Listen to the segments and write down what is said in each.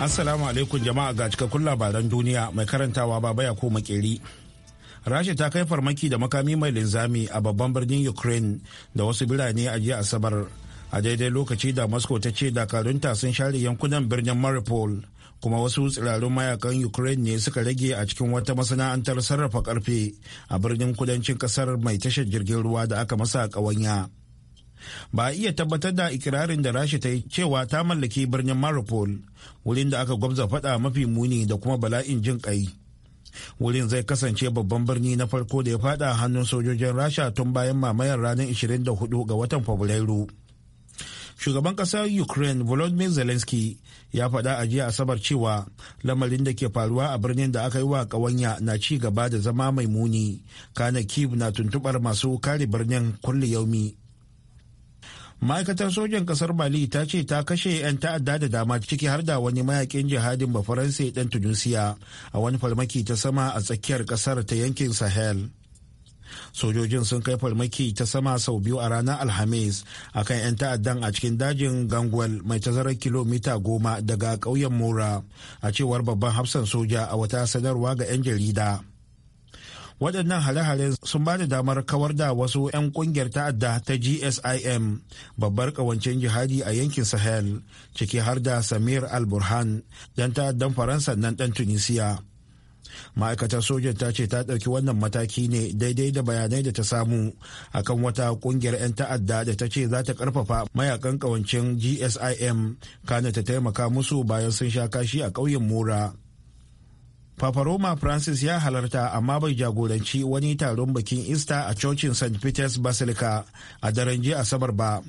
Assalamu alaikum jama'a ga cikakkun labaran duniya mai karantawa baba ya ko makeri. Rasha ta kai farmaki da makami mai linzami a babban birnin Ukraine da wasu birane a jiya Asabar. A daidai lokaci da Moscow ta ce dakarunta sun share yankunan birnin Mariupol kuma wasu tsirarun mayakan Ukraine ne suka rage a cikin wata masana'antar sarrafa karfe a birnin kudancin kasar mai tashar jirgin ruwa da aka masa ƙawanya. ba a iya tabbatar da ikirarin da rasha ta yi cewa ta mallaki birnin maripol wurin da aka gwabza fada mafi muni da kuma bala'in jin kai wurin zai kasance babban birni na farko da ya fada hannun sojojin rasha tun bayan mamayar ranar 24 ga watan fabrairu shugaban kasar ukraine volodymyr zelensky ya faɗa a jiya asabar cewa lamarin da ke faruwa a birnin da aka yi wa ƙawanya na ci gaba da zama mai muni kana kiev na tuntubar masu kare birnin kulle yaumi ma'aikatar sojan kasar mali ta ce ta kashe 'yan ta'adda da dama ciki har da wani mayakin jihadin bafaransa dan tunisiya a wani farmaki ta sama a tsakiyar kasar ta yankin sahel sojojin sun kai farmaki ta sama sau biyu a ranar alhamis a kan 'yan ta'addan a cikin dajin gangwal mai tazarar kilomita goma daga ƙauyen mora a cewar babban hafsan soja a wata sanarwa ga 'yan jarida waɗannan hare-hare sun ba da damar kawar da wasu 'yan ƙungiyar ta'adda ta gsim babbar ƙawancen jihadi a yankin sahel ciki har da samir al-burhan dan ta'addan faransa nan ɗan tunisiya ma'aikatar sojan ta ce ta ɗauki wannan mataki ne daidai da bayanai da ta samu akan wata ƙungiyar 'yan ta'adda da ta ce za ta ƙarfafa mayakan ƙawancin gsim kana ta taimaka musu bayan sun sha kashi a ƙauyen mura. Roma Francis ya halarta amma bai jagoranci wani taron bikin easter a cocin St. Peter's Basilica a daren jiya Asabar ba.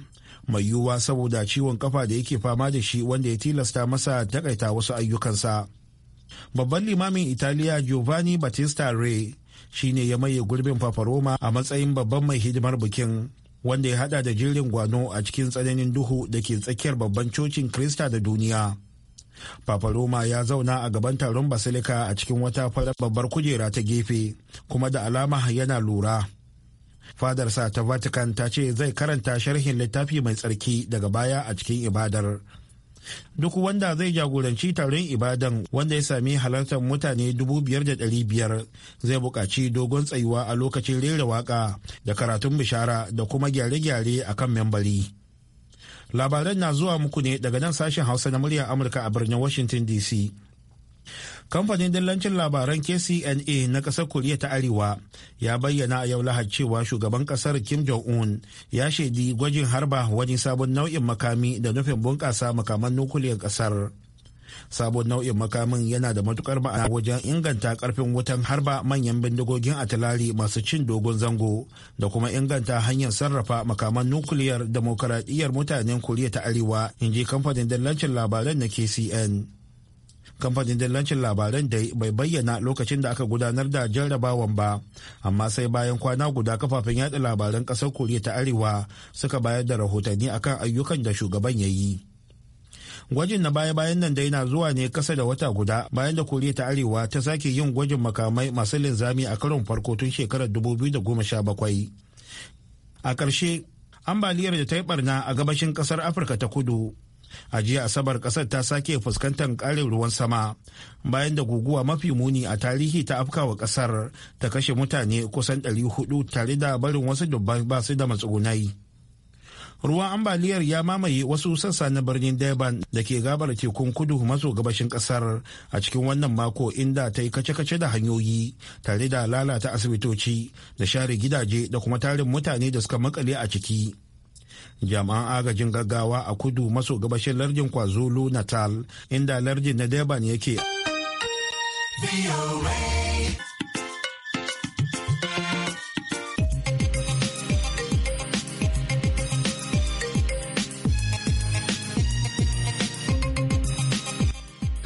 Mai yiwuwa saboda ciwon kafa da yake fama da shi wanda ya tilasta masa takaita wasu ayyukansa. Babban limamin Italiya Giovanni Battista Re shi ne ya maye gurbin Roma a matsayin babban mai hidimar bikin. Wanda ya hada da jirin gwano a cikin tsananin duhu da ke tsakiyar babban cocin Krista da duniya. Papa ya zauna a gaban taron Basilika a cikin wata farar babbar kujera ta gefe, kuma da alama yana lura. Fadarsa ta Vatican ta ce zai karanta sharhin littafi mai tsarki daga baya a cikin ibadar. Duk wanda zai jagoranci taron ibadan wanda ya sami halartar mutane dubu biyar da biyar, zai buƙaci dogon tsayuwa a lokacin rera waƙa da karatun bishara da kuma gyare-gyare a kan membari. labaran na zuwa muku ne daga nan sashen hausa na murya amurka a birnin washington dc kamfanin dillancin labaran kcna na kasar koriya ta arewa ya bayyana a yau lahad cewa shugaban kasar kim jong-un ya shaidi gwajin harba wani sabon nau'in makami da nufin bunƙasa makaman nukuliyar kasar sabon nau'in makamin yana da matukar ma'ana wajen inganta karfin wutan harba manyan bindigogin atilari masu cin dogon zango da kuma inganta hanyar sarrafa makaman nukuliyar demokaradiyyar mutanen koriya ta arewa in ji kamfanin dillancin labaran na kcn kamfanin dillancin labaran dai bai bayyana lokacin da aka gudanar da jarrabawan ba amma sai bayan kwana guda kafafen yada labaran ƙasar koriya ta arewa suka bayar da rahotanni akan ayyukan da shugaban ya yi Gwajin na baya-bayan nan dai na zuwa ne kasa da wata guda bayan da Koriya ta Arewa ta sake yin gwajin makamai masu linzami a karon farko tun shekarar 2017. A ƙarshe, ambaliyar da ta yi barna a gabashin ƙasar Afirka ta kudu. A jiya Asabar ƙasar ta sake fuskantar ƙarin ruwan sama bayan da guguwa mafi muni a tarihi ta afkawa ƙasar ta kashe mutane kusan 400 tare da barin wasu dubban basu da matsugunai. ruwan ambaliyar ya mamaye wasu sassa na birnin durban da ke gabar tekun kudu maso gabashin kasar a cikin wannan mako inda ta yi kace-kace da hanyoyi tare da lalata asibitoci da share gidaje da kuma tarin mutane da suka makale a ciki jami'an agajin gaggawa a kudu maso gabashin lardin kwazulu natal inda lardin na durban yake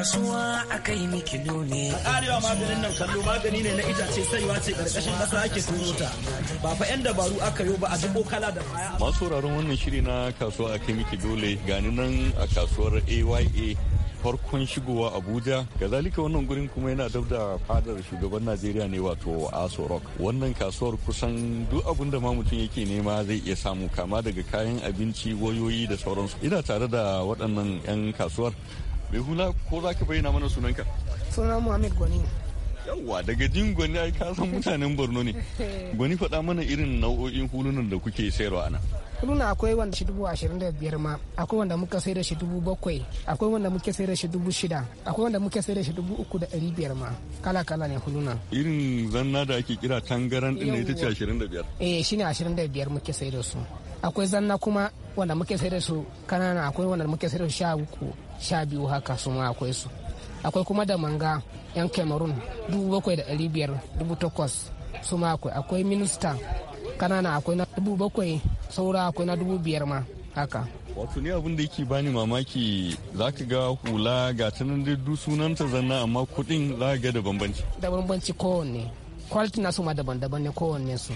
kasuwa a kai ni kilo ne. Karewa maganin nan kallo magani ne na itace saiwa ce karkashin kasa ake turo ta. Ba fa yan dabaru aka yo ba a duk kala da baya. Masu sauraron wannan shiri na kasuwa a kai miki dole gani nan a kasuwar AYA farkon shigowa abuja Ga zalika wannan gurin kuma yana dab da fadar shugaban najeriya ne wato aso rock wannan kasuwar kusan duk abin da ma mutum yake nema zai iya samu kama daga kayan abinci wayoyi da sauransu ina tare da waɗannan 'yan kasuwar mai hula ko za ka bayyana mana sunanka suna muhammad gwani yawwa daga jin gwani ai ka san mutanen borno ne gwani faɗa mana irin nau'o'in hulunan da kuke sayarwa ana huluna akwai wanda shi dubu ashirin da biyar ma akwai wanda muka sai da shi dubu bakwai akwai wanda muke sai da shi dubu shida akwai wanda muke sai da shi dubu uku da ɗari biyar ma kala kala ne huluna irin zanna da ake kira tangaran ɗin ne ita ce ashirin da biyar eh ne ashirin da biyar muke sai da su akwai zanna kuma wanda muke sai da su kanana akwai wanda muke sai da su sha uku sha biyu haka su ma akwai su akwai kuma da manga yan cameroon dubu bakwai da ɗari biyar dubu takwas su ma akwai akwai minista kanana akwai na dubu bakwai saura akwai na dubu biyar ma haka wato ne abin da yake bani mamaki za ka ga hula ga ta nan duk sunanta zanna amma kuɗin za ka ga da bambanci da bambanci kowanne kwaliti na su ma daban-daban ne kowanne su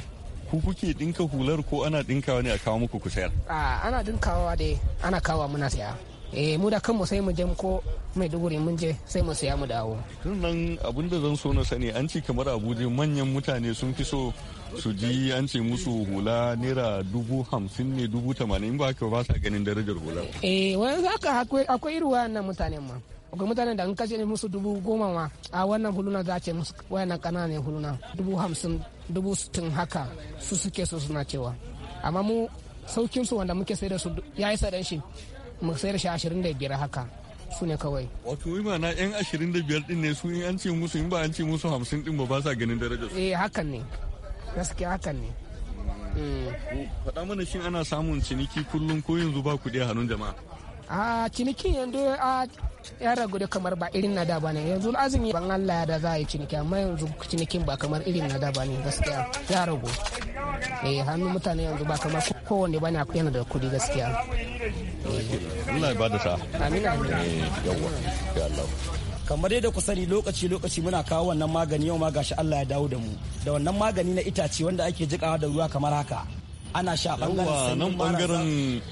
ku kuke dinka hular ko ana dinkawa ne a kawo muku ku sayar a ah, ana dinkawa dai ana kawo muna saya eh mu da kanmu sai mu je ko mai duguri mun je sai mu siya mu dawo tun nan abin da zan so na sani an ci kamar abuja manyan mutane sun fi so su ji an ce musu hula naira dubu hamsin ne dubu tamanin ba ka ba sa ganin darajar hula eh wani haka akwai irin wayannan mutanen ma akwai mutanen da an kashe musu dubu goma ma a wannan huluna za ce musu wayannan kananan huluna dubu hamsin dubu sittin haka su suke so suna cewa amma mu saukin su wanda muke sai da su ya yi sadan shi mu sayar shi ashirin da biyar haka su ne kawai. Wato yi mana yan ashirin da biyar din ne su in an ce musu in ba an ce musu hamsin din ba ba sa ganin darajar su. Eh hakan ne gaskiya hakan ne. Mm. Faɗa mana shin ana samun ciniki kullum ko yanzu ba kuɗi a hannun jama'a. a cinikin yanzu a ya ragu da kamar ba irin na da ba ne yanzu azumi ban Allah ya da za a yi ciniki amma yanzu cinikin ba kamar irin na da ba ne gaskiya ya ragu eh hannun mutane yanzu ba kamar kowane bana yana da kuɗi gaskiya Allah ya bada sa'a. amina eh, yawa ya Allah kamar da ku sani lokaci lokaci muna kawo wannan magani yau ma gashi Allah ya dawo da mu da wannan magani na itace wanda ake jikawa da ruwa kamar haka ana sha bangaren nan bangaren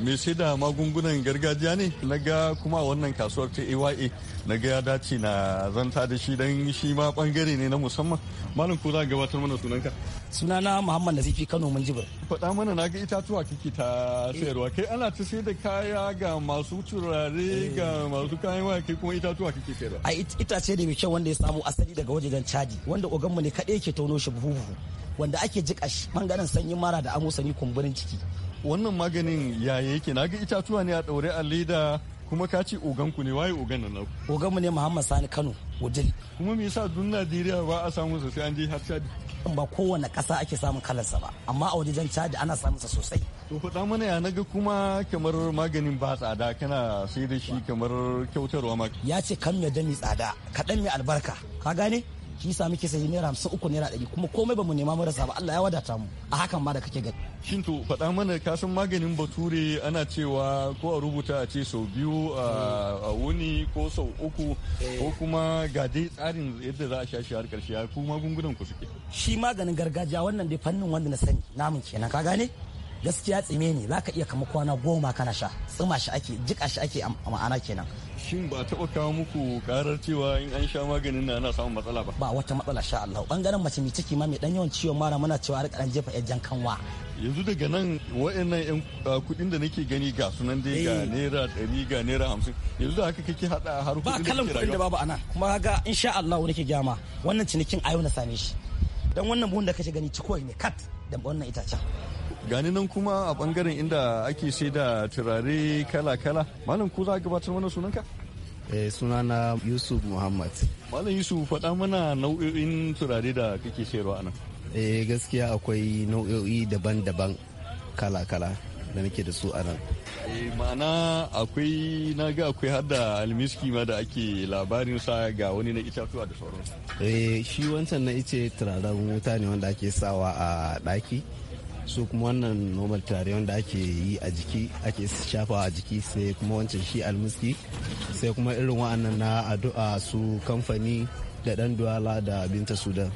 mai sai da magungunan gargajiya ne na ga kuma wannan kasuwar ta AYA na ga ya dace na zanta da shi dan shi ma bangare ne na musamman malam ko za gabatar mana sunanka sunana Muhammad Nazifi Kano mun jibir faɗa mana na ga itatuwa kake ta eh. sayarwa kai ana ta sai da kaya ga masu turare eh. ga masu kayan waya kai kuma itatuwa kake sayarwa a itace ne mai kyau wanda ya samu asali daga wajen caji wanda oganmu ne kaɗai ke tono shi buhu buhu wanda ake jika shi bangaren sanyin mara da sanyi kumburin ciki wannan maganin ya yake na ga itatuwa ne a daure a leda kuma ka ce oganku ne waye ogan nan naku oganmu ne muhammad sani kano wudil kuma me yasa dun najeriya ba a samu sosai an je har chad ba kowane ƙasa ake samun kalarsa ba amma a wajen chad ana samun sa sosai to faɗa mana ya naga kuma kamar maganin ba tsada kana sai da shi kamar kyautarwa ma ya ce kan me dami tsada kaɗan mi albarka ka gane shi yasa muke sayi naira hamsin uku naira ɗari kuma komai ba mu nema mu rasa ba Allah ya wadata mu a hakan ma da kake gani. Shin to faɗa mana kasan maganin bature ana cewa ko a rubuta a ce sau biyu a wuni ko sau uku ko kuma ga dai tsarin yadda za a sha shi har ƙarshe ko magungunan ku suke. Shi maganin gargajiya wannan dai fannin wanda na sani namun kenan ka gane? gaskiya tsime ne za ka iya kama kwana goma kana sha tsima shi ake jika shi ake ma'ana kenan shin ba taɓa kawo muku karar cewa in an sha maganin na ana samun matsala ba ba wata matsala sha Allah bangaren mace mai ciki ma mai dan yawan ciwon mara muna cewa har karan jefa yan kanwa yanzu daga nan wa'annan yan kuɗin da nake gani ga sunan dai ga eh. naira dari ga naira hamsin yanzu da haka kake hada har kudin da ba kalan kuɗin da babu Ana. kuma ga insha Allah wani ke gyama wannan cinikin ayo na same shi dan wannan buhun da kake gani cikowai ne kat da wannan itacen gani nan kuma a bangaren inda ake sai da turare kala-kala malam ku za a gabatar mana sunanka eh sunana yusuf muhammad malam yusuf faɗa mana nau'o'in turare da kake sayarwa nan eh gaskiya akwai nau'o'i daban-daban kala-kala da nake da su a nan. Eh, ma'ana akwai na ga akwai har da almiski ma da ake labarin sa ga wani na itatuwa da sauran eh, shi wancan na ice turaren wuta ne wanda ake sawa a daki su kuma wannan normal tare wanda ake yi a jiki ake shafa a jiki sai kuma wancan shi almiski sai kuma irin wa'annan na addu'a su kamfani da ɗan duwala da binta sudan.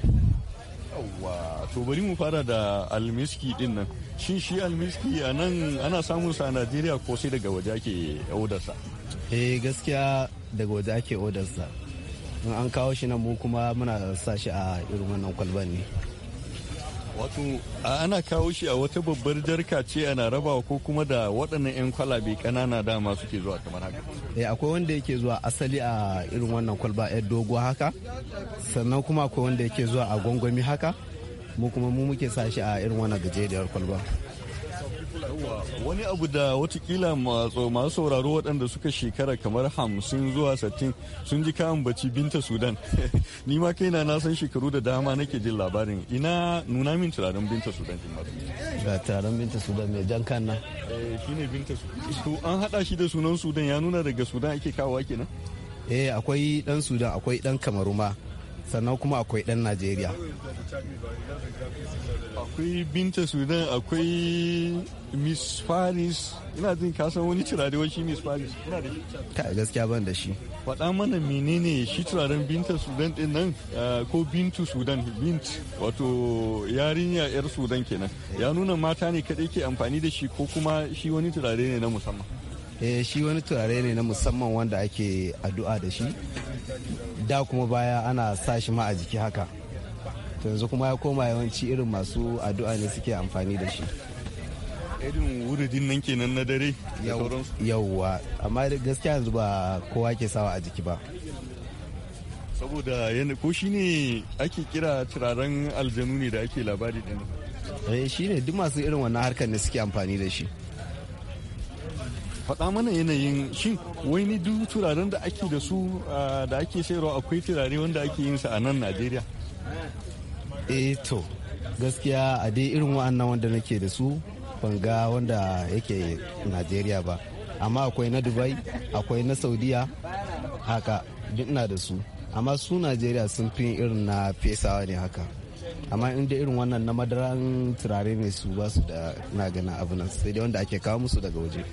yawwa to bari mu fara da almiski din nan shi shi almiski a nan ana samun sa a najeriya ko sai daga waje ake odarsa eh gaskiya daga waje ake odarsa in an kawo shi nan mu kuma muna sa shi a irin wannan kwalban ne wato ana kawo shi a wata babbar jarka ce ana rabawa ko kuma da waɗannan 'yan kwalabe ƙanana dama suke zuwa kamar haka eh akwai wanda yake zuwa asali a irin wannan kwalba 'yar dogo haka sannan kuma akwai wanda yake zuwa a gwangwami haka mu kuma mu muke sa shi a irin wannan gajeriyar kwalba wani abu da watakila masu sauraro waɗanda suka shekara kamar hamsin zuwa sattin sun ji kayan bacci binta sudan ni ma kaina na san shekaru da dama nake jin labarin ina nuna min turaren binta sudan ga turaren binta sudan mai jan kan nan eh, shine binta sudan an haɗa shi da sunan sudan ya nuna daga sudan ake kawo kenan eh akwai dan sudan akwai dan kamaruma sannan kuma akwai ɗan najeriya akwai binta sudan akwai miss paris ina jin kasan wani turare shi miss paris ina da gaskiya ban da shi faɗa mana menene shi turaren binta sudan din nan eh, ko bintu sudan bint wato yarinya yar sudan kenan ya nuna mata ne kaɗai ke amfani da shi ko kuma shi wani turare ne na musamman eh shi wani turare ne na musamman wanda ake addu'a da shi da kuma baya ana sa shi ma a jiki haka to yanzu kuma ya koma yawanci irin masu addu'a ne suke amfani da shi irin wuridin nan kenan na dare yauwa amma gaskiya yanzu ba kowa ke sawa a jiki ba saboda yana ko shi ne ake kira turaren aljanu ne da ake labari din eh shi ne duk masu irin wannan harkar ne suke amfani da shi faɗa mana yanayin wai wani duk turaren da ake da su da ake sayarwa akwai turare wanda ake yin sa a nan najeriya eh to gaskiya a dai irin wa'annan wanda nake da su ban ga wanda yake najeriya ba amma akwai na dubai akwai na saudiya haka duk na da su amma su najeriya sun fi irin na fesawa ne haka amma inda irin wannan na madaran turare ne su ba su da na gana abu nan sai dai wanda ake kawo musu daga waje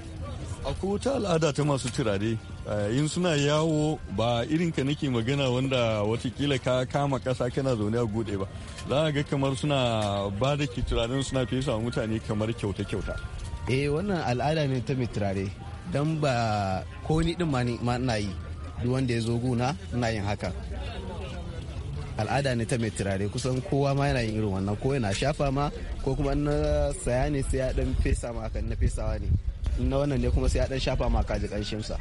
akwai wata al'ada ta masu turare eh, in suna yawo ba irin ka nake magana wanda watakila ka kama kasa kana zaune a gude ba za ga kamar suna ba da ke turaren suna fesa mutane kamar kyauta-kyauta eh wannan al'ada ne ta mai turare don ba ko ni din ma na yi duk wanda ya zo guna na yin haka al'ada ne ta mai turare kusan kowa ma yana yin irin wannan ko yana shafa ma ko kuma na saya ne sai ya dan fesa ma hakan na fesawa ne na wannan ne kuma sai ya dan shafa ma kaji kanshin sa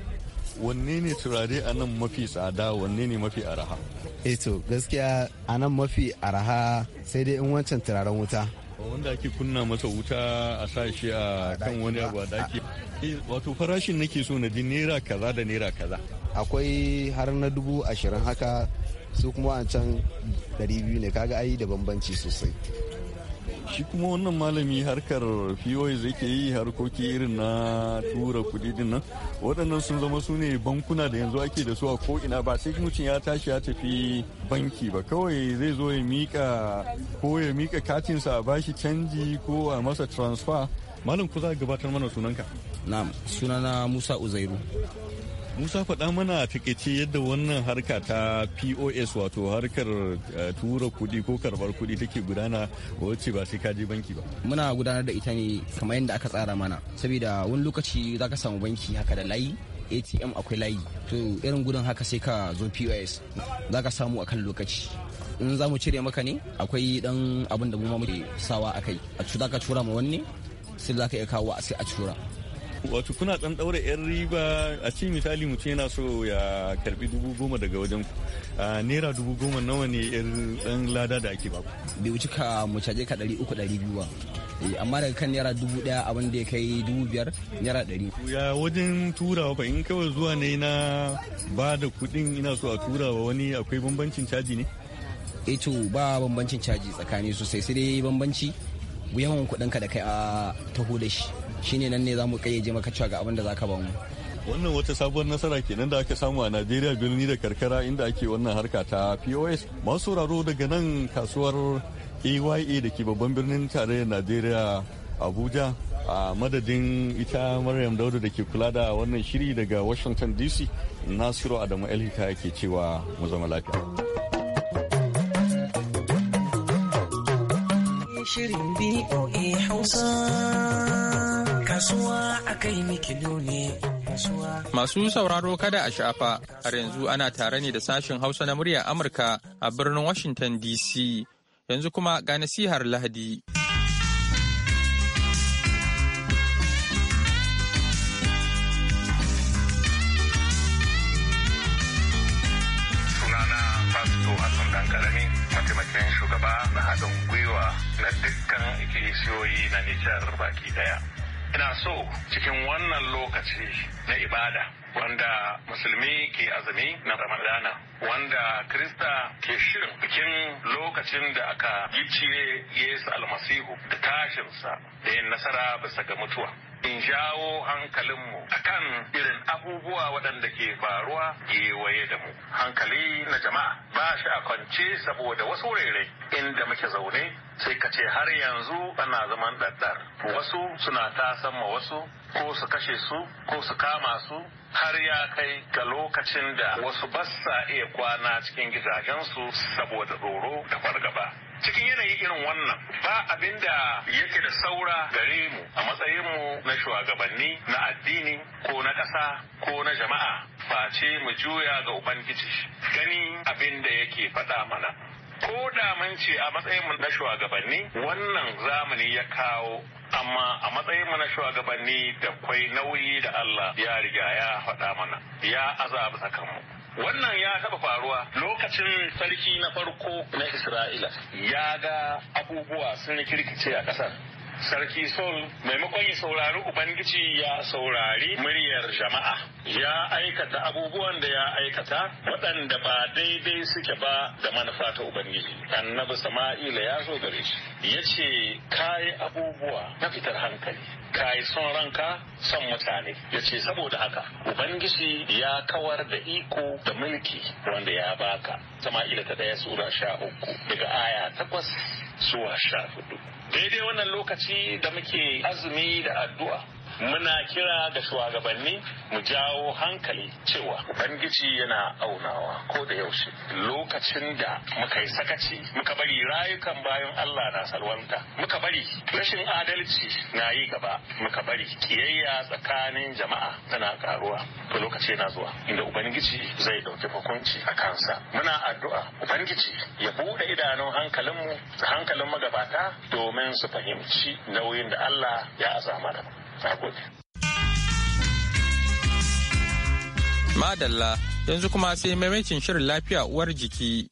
wanne ne turare a nan mafi tsada wanne ne mafi araha eh to gaskiya a nan mafi araha sai dai in wancan turaren wuta wanda ake kunna masa wuta a sa shi a kan wani abu a daki eh, wato farashin nake so na ji naira kaza da naira kaza akwai har na dubu ashirin haka su kuma a can dari biyu ne kaga ayi da bambanci sosai shi kuma wannan malami harkar zai ke yi harkoki irin na tura kudi din nan waɗannan sun zama su ne bankuna da yanzu ake da su a ko'ina ba sai mutum ya tashi ya tafi banki ba kawai zai zo ya mika ko ya mika katinsa a bashi canji ko a masa transfer malam ku za gabatar mana sunanka na sunana musa uzairu Musa faɗa mana a takaice yadda wannan harka ta POS wato harkar eh, tura kuɗi ko karɓar kuɗi take gudana wacce ba sai kaje banki ba. Muna gudanar da ita ne kamar yadda aka tsara mana saboda wani lokaci za ka samu banki haka da layi ATM akwai layi to irin gudun haka sai ka zo POS za ka samu akan lokaci. in za mu cire maka ne akwai dan abin da mu ma muke sawa akai a cuta ka cura ma wanne sai za ka iya kawo sai a cura wato kuna ɗan ɗaura 'yan riba a cikin misali mutum yana so ya karbi dubu goma daga wajen ku naira dubu goma nawa ne 'yan ɗan lada da ake baku bai wuce ka mu caje ka ɗari uku ɗari biyu ba eh, amma daga kan naira dubu ɗaya abin da ya kai dubu biyar naira ɗari ya wajen turawa fa in kawai zuwa ne na ba da kuɗin ina so a turawa wani akwai bambancin caji ne e to ba bambancin caji tsakani sosai sai dai bambanci yawan ka da kai a taho da shi shine nan ne za mu kayyaje maka cewa ga abin da za ka ba mu wannan wata sabuwar nasara kenan da aka samu a najeriya birni da karkara inda ake wannan harka ta pos masu sauraro daga nan kasuwar aya da ke babban birnin tarayyar najeriya abuja a madadin ita maryam Daudu da ke kula da wannan shiri daga washington dc nasiru adamu elhika ke cewa mu zama lafiya shirin boa hausa Masu sauraro kada a shafa, har yanzu ana tare ne da sashen Hausa na murya Amurka a birnin Washington DC. Yanzu kuma ga nasihar Lahadi. Sunana shugaba na haɗin gwiwa na dukkan ikilisiyoyi na Nijar baki daya. ina so cikin wannan lokaci na ibada wanda musulmi ke azumi na ramadana wanda krista ke shirin bikin lokacin da aka gicciye yesu almasihu da tashinsa da yin nasara bisa ga mutuwa in jawo hankalinmu a kan irin abubuwa waɗanda ke faruwa gewaye da mu hankali na jama'a ba shi a kwance saboda wasu wurare inda muke zaune sai ka ce har yanzu ana zaman ɗaɗɗar wasu suna tasan ma wasu ko su kashe su ko su kama su har ya kai ga lokacin da wasu ba sa iya kwana cikin gizagensu saboda tsoro da fargaba cikin yanayi irin wannan ba abin da yake da saura gare mu a matsayin mu na shugabanni na addini ko na ƙasa ko na jama'a face mu juya ga ubangiji gani abin da yake faɗa mana ko da mun ce a matsayin na shugabanni wannan zamani ya kawo amma a matsayin mu na shugabanni da kwai nauyi da Allah ya riga ya faɗa mana ya azaba sakanmu Wannan ya taɓa faruwa lokacin sarki na farko na Isra'ila ya ga abubuwa sun rikirkice a ƙasar. sarki sol maimakon ya saurari ubangiji ya saurari muryar jama'a ya aikata abubuwan da ya aikata waɗanda ba daidai suke ba da manufa ta ubangiji annabi sama'ila ya zo gare shi ya ce kayi abubuwa na fitar hankali kayi son ranka son mutane ya ce saboda haka ubangiji ya kawar da iko da mulki wanda ya baka sama'ila ta daya sura sha uku daga aya takwas zuwa sha hudu daidai wannan lokaci da muke azumi da addu'a muna kira ga shugabanni mu jawo hankali cewa ubangiji yana aunawa ko da yaushe lokacin da muka yi sakaci muka bari rayukan bayan allah na salwanta muka bari rashin adalci na yi gaba muka bari kiyayya tsakanin jama'a tana karuwa to lokaci yana zuwa inda ubangiji zai dauki hukunci a kansa muna addu'a ubangiji ya bude idanun hankalinmu hankalin magabata domin su fahimci nauyin da allah ya azama da Madalla yanzu kuma sai maimacin shirin lafiya uwar jiki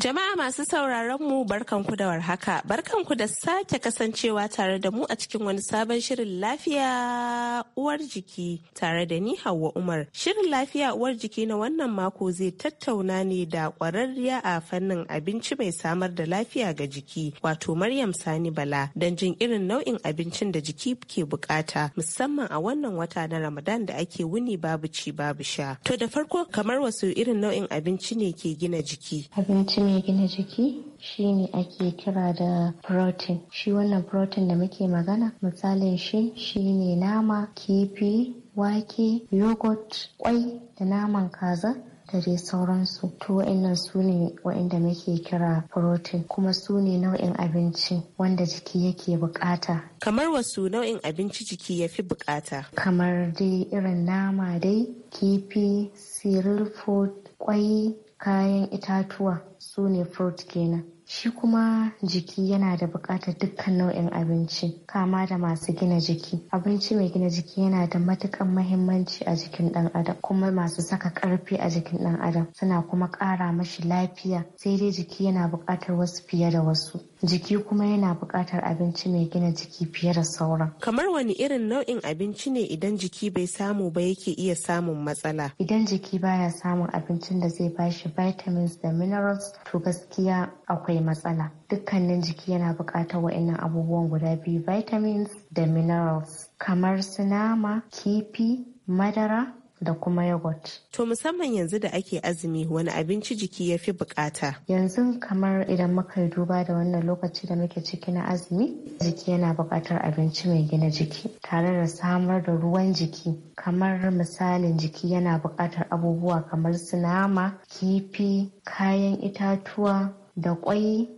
Jama'a masu sauraron mu barkanku da warhaka, barkanku da sake kasancewa tare da mu a cikin wani sabon shirin lafiya uwar jiki tare da ni Hauwa Umar. Shirin lafiya uwar jiki na wannan mako zai tattauna ne da kwararriya a fannin abinci mai samar da lafiya ga jiki, wato Maryam Sani Bala, don jin irin nau'in abincin da jiki ke bukata, musamman a wannan wata na Ramadan da ake wuni babu ci babu sha. To da farko kamar wasu irin nau'in abinci ne ke gina jiki? Abinci mai gina jiki shi ne ake kira da protein shi wannan protein da muke magana misalin shi shine nama kifi wake yogurt kwai da naman kaza da dai sauransu to wa'annan su ne wa'anda muke kira protein kuma su ne nau'in abinci wanda jiki yake bukata kamar wasu nau'in abinci jiki ya fi bukata kamar dai irin nama dai kifi cereal food kwai Kayan itatuwa sune furut kenan Shi kuma jiki yana da buƙatar dukkan nau'in abinci, kama da masu gina jiki. Abinci mai gina jiki yana da matukan mahimmanci a jikin ɗan adam, kuma masu saka ƙarfi a jikin ɗan adam suna kuma ƙara mashi lafiya, sai dai jiki yana buƙatar wasu fiye da wasu. jiki kuma yana buƙatar abinci mai gina jiki fiye da sauran. Kamar wani irin nau'in abinci ne idan jiki bai samu ba yake iya samun matsala? Idan jiki baya samun abincin da zai bashi vitamins da minerals to gaskiya akwai yi matsala dukkanin jiki yana buƙatar wa'annan abubuwan guda biyu vitamins da minerals kamar su nama kifi madara da kuma yogurt. To musamman yanzu da ake azumi wani abinci jiki ya fi bukata. Yanzu kamar idan muka duba da wannan lokaci da muke ciki na azumi, jiki yana buƙatar abinci mai gina jiki tare da samar da ruwan jiki. Kamar misalin jiki yana bukatar abubuwa kamar su nama, kifi, kayan itatuwa, da kwai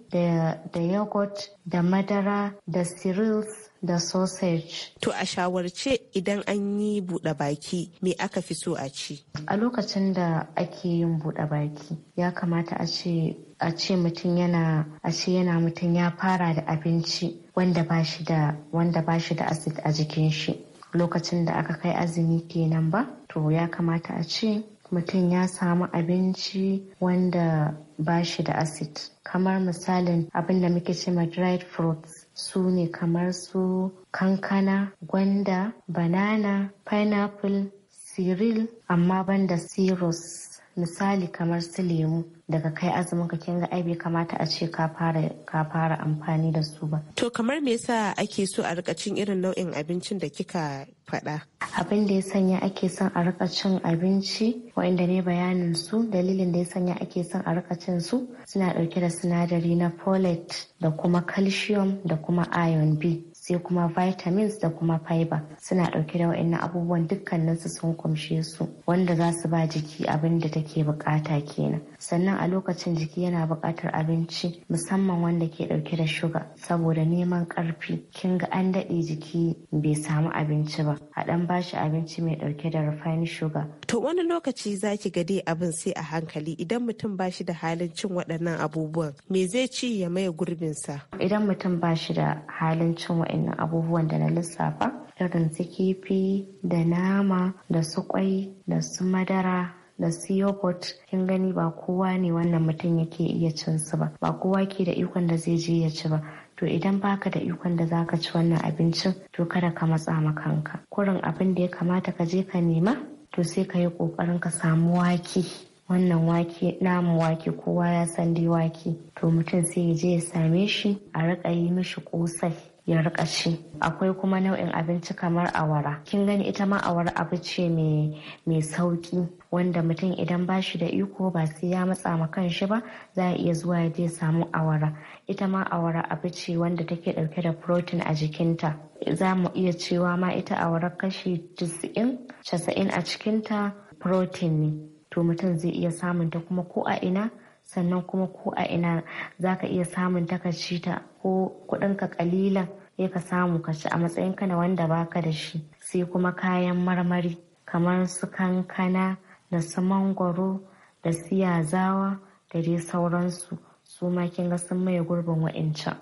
da yogurt da madara da cereals da sausage. To a shawarce idan an yi buɗe baki me aka fi so a ci? A lokacin da ake yin buɗe baki ya kamata a ce a ce mutum yana a ce yana mutum ya fara da abinci wanda ba shi da wanda ba shi da acid a jikin shi lokacin da aka kai azumi kenan ba to ya kamata a ce mutum ya samu abinci wanda ba shi da acid kamar misalin abin da muke ce ma dried fruits su ne kamar su kankana gwanda banana pineapple siril, amma banda cirrus misali kamar su lemu daga kai azumin ka kinga ai bai kamata a ce ka fara ka fara amfani da su ba to kamar me yasa ake so a rika cin irin nau'in abincin da kika faɗa abin da ya sanya ake son a rika cin abinci wa'inda ne bayanin su dalilin da ya sanya ake son a rika cin su suna ɗauke da sinadari na folate da kuma calcium da kuma iron b sai kuma vitamins da kuma fiber suna ɗauke da wa'annan abubuwan dukkaninsu sun kumshe su wanda za su ba jiki abin da take bukata kenan sannan a lokacin jiki yana buƙatar abinci musamman wanda ke ɗauke da shuga saboda neman ƙarfi kin ga an daɗe jiki bai samu abinci ba a ɗan bashi abinci mai ɗauke da refined sugar. To wani lokaci za ki ga dai abin sai a hankali idan mutum ba shi da halin cin waɗannan abubuwan me zai ci ya maye gurbinsa. Idan mutum ba shi da halin cin waɗannan abubuwan da na lissafa irin su kifi da nama da su kwai da su madara da su yogurt kin gani ba kowa ne wannan mutum yake iya cin su ba ba kowa ke da ikon da zai je ya ci ba to idan baka da ikon da zaka ci wannan abincin to kada ka matsa ma kanka kurin abin da ya kamata ka je ka nema to sai ka yi kokarin ka samu wake wannan wake namu wake kowa ya san dai wake to mutum sai ya je ya same shi a rika yi mishi kosai ya rika ci akwai kuma nau'in abinci kamar awara kin gani ita ma awara abu ce mai sauki wanda mutum idan ba shi da iko ba sai ya matsa ma kan shi ba za a iya zuwa ya je samu awara ita ma awara abu ce wanda take dauke da protein a jikinta za mu iya cewa ma ita awara kashi 90 casa'in a cikinta protein ne to mutum zai iya samun ta kuma ko a ina sannan kuma ko a ina za ka iya samun ta ka ci ta ko kuɗinka kalilan ya ka samu ka ci a matsayin na wanda baka da shi sai kuma kayan marmari kamar su kankana da su mangwaro da su yazawa da dai sauransu su ma kin ga sun maye gurbin wa'incan.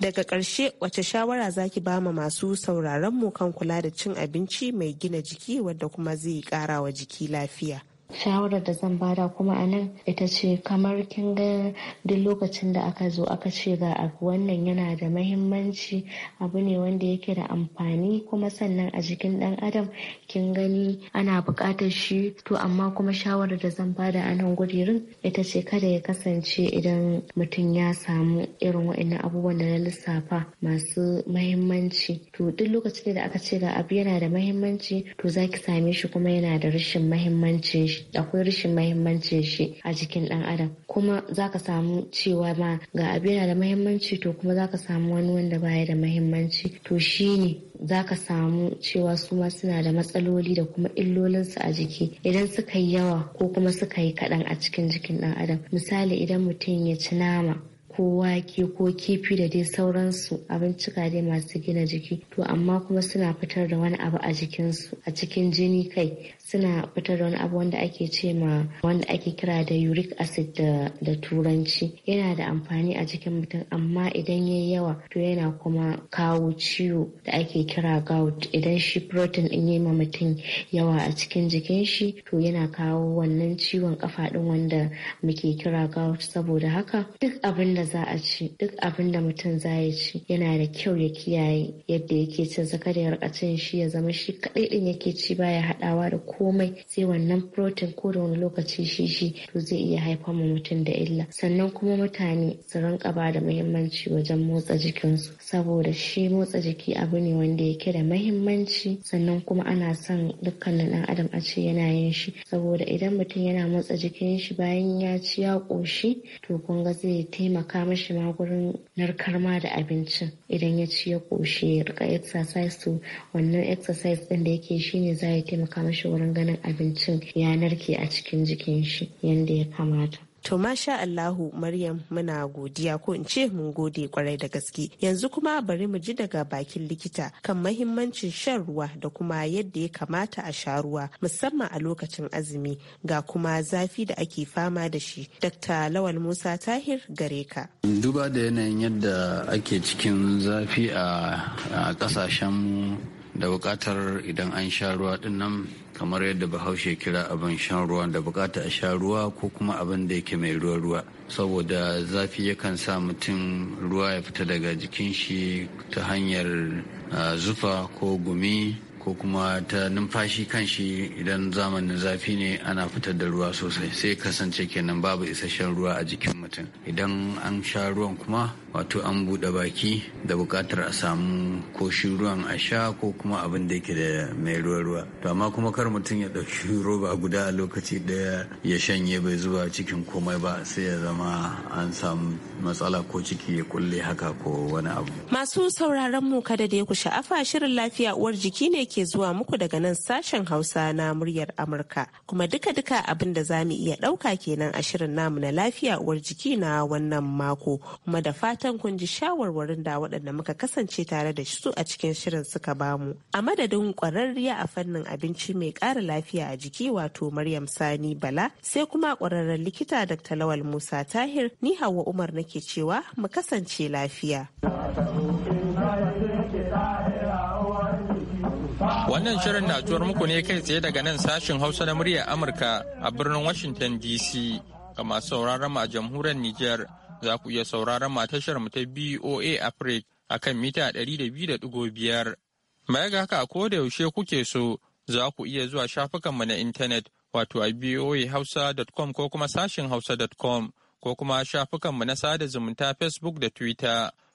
Daga ƙarshe wace shawara zaki ba ma masu sauraron mu kan kula da cin abinci mai gina jiki wadda kuma zai ƙara wa jiki lafiya? shawarar da zan bada kuma a nan ita ce kamar kin ga duk lokacin da aka zo aka ce ga abu wannan yana da mahimmanci abu ne wanda yake da amfani kuma sannan a jikin dan adam kin gani ana buƙatar shi to amma kuma shawarar da zan bada a nan gudirin ita ce kada ya kasance idan mutum ya samu irin wa'annan abubuwan da na lissafa masu mahimmanci to duk lokacin da aka ce ga abu yana da mahimmanci to zaki same shi kuma yana da rashin mahimmancin shi akwai rashin mahimmancin shi a jikin ɗan adam kuma za ka samu cewa ma ga abu yana da mahimmanci to kuma za ka samu wani wanda baya da mahimmanci to shi ne za ka samu cewa su ma suna da matsaloli da kuma illolinsu a jiki idan suka yi yawa ko kuma suka yi kaɗan a cikin jikin ɗan adam misali idan mutum ya ci nama ko wake ko kifi da dai sauransu abincika dai masu gina jiki to amma kuma suna fitar da wani abu a jikinsu a cikin jini kai suna fitar da wani abu wanda ake ce ma wanda ake kira da uric acid da turanci yana da amfani a jikin mutum amma idan ya yi yawa to yana kuma kawo ciwo da ake kira gout idan shi protein din yayi ma mutum yawa a cikin jikin shi to yana kawo wannan ciwon kafa din wanda muke kira gout saboda haka duk abin da da za a ci duk abin da mutum za ya ci yana da kyau ya kiyaye yadda yake cin sa kada ya cin shi ya zama shi kadai din yake ci baya hadawa da komai sai wannan protein ko da wani lokaci shi shi to zai iya haifar ma mutum da illa sannan kuma mutane su rinka ba da muhimmanci wajen motsa jikinsu saboda shi motsa jiki abu ne wanda yake da muhimmanci sannan kuma ana son dukkanin dan adam a ce yana yin shi saboda idan mutum yana motsa jikin shi bayan ya ci ya koshi to kun ga zai taimaka taimaka mashi ma gurin narkar ma da abincin idan ya ci ya koshe ya rika exercise to wannan exercise din da yake ne za ya taimaka mashi wurin ganin abincin ya narke a cikin jikin shi yadda ya kamata To masha Allahu Maryam muna godiya ko in ce mun gode kwarai da gaske. Yanzu kuma bari mu ji daga bakin likita kan mahimmancin shan ruwa da kuma yadda ya kamata a sha ruwa musamman a lokacin azumi ga kuma zafi da ake fama da shi. Dr. Lawal Musa Tahir Gareka. ka. Duba da yanayin yadda ake cikin zafi a kasashen da bukatar idan an sha ruwa ɗinnan nan kamar yadda bahaushe kira abin shan ruwa da bukata a sha ruwa ko kuma abin da yake mai ruwa ruwa saboda zafi yakan sa mutum ruwa ya fita daga jikin shi ta hanyar ah, zufa ko gumi ko kuma ta numfashi kan shi idan zamanin zafi ne ana fitar da ruwa sosai sai kasance kenan babu isasshen ruwa a jikin mutum idan an sha ruwan kuma wato an buɗe baki da buƙatar a samu ko shi ruwan a sha ko kuma abin da yake da mai ruwa ruwa to amma kuma kar mutum ya ɗauki roba guda a lokaci ɗaya ya shanye bai zuba cikin komai ba sai ya zama an samu matsala ko ciki ya kulle haka ko wani abu masu sauraron mu kada da ya ku sha'afa shirin lafiya uwar jiki ne ke zuwa muku daga nan sashen Hausa na muryar Amurka. Kuma duka-duka abin da za mu iya ɗauka kenan a shirin namu na lafiya uwar jiki na wannan mako. Kuma da fatan kun ji shawarwarin da waɗanda muka kasance tare da su a cikin shirin suka bamu. A madadin ƙwararriya a fannin abinci mai ƙara lafiya a jiki wato Maryam Sani Bala sai kuma ƙwararren likita Dr. Lawal Musa Tahir ni Hauwa Umar nake cewa mu kasance lafiya. Wannan shirin na muku ne kai tsaye daga nan sashin Hausa na muryar Amurka a birnin Washington DC. Ga masu sauraron a jamhuriyar Nijar za ku iya sauraron a tashar mu ta BOA Africa a kan mita 200.5. Baya ga haka ko da yaushe kuke so za ku iya zuwa shafukanmu na intanet wato a Hausa boahausa.com ko kuma sashin Hausa hausa.com ko kuma shafukanmu na sada zumunta Facebook da Twitter.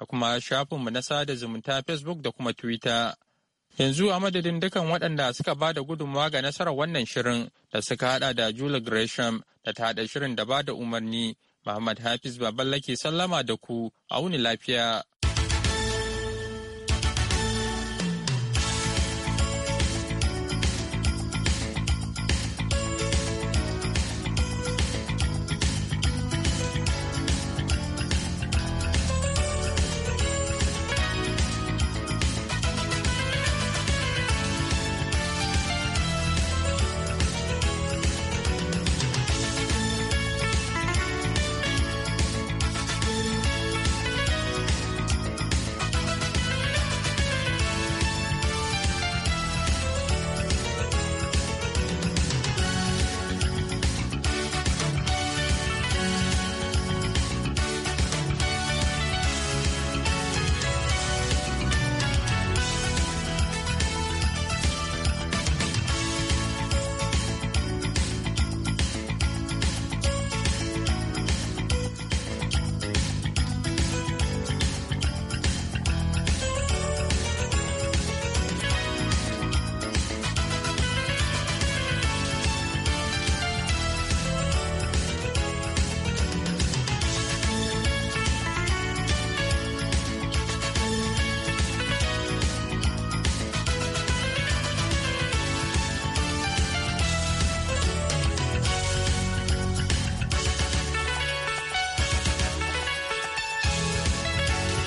da kuma shafinmu na sada zumunta Facebook da kuma Twitter. Yanzu a madadin dukan waɗanda suka ba da gudunmawa ga nasarar wannan shirin da suka haɗa da jula Gresham da ta haɗa shirin da ba da umarni, Muhammad Hafiz ke sallama da ku, auni lafiya.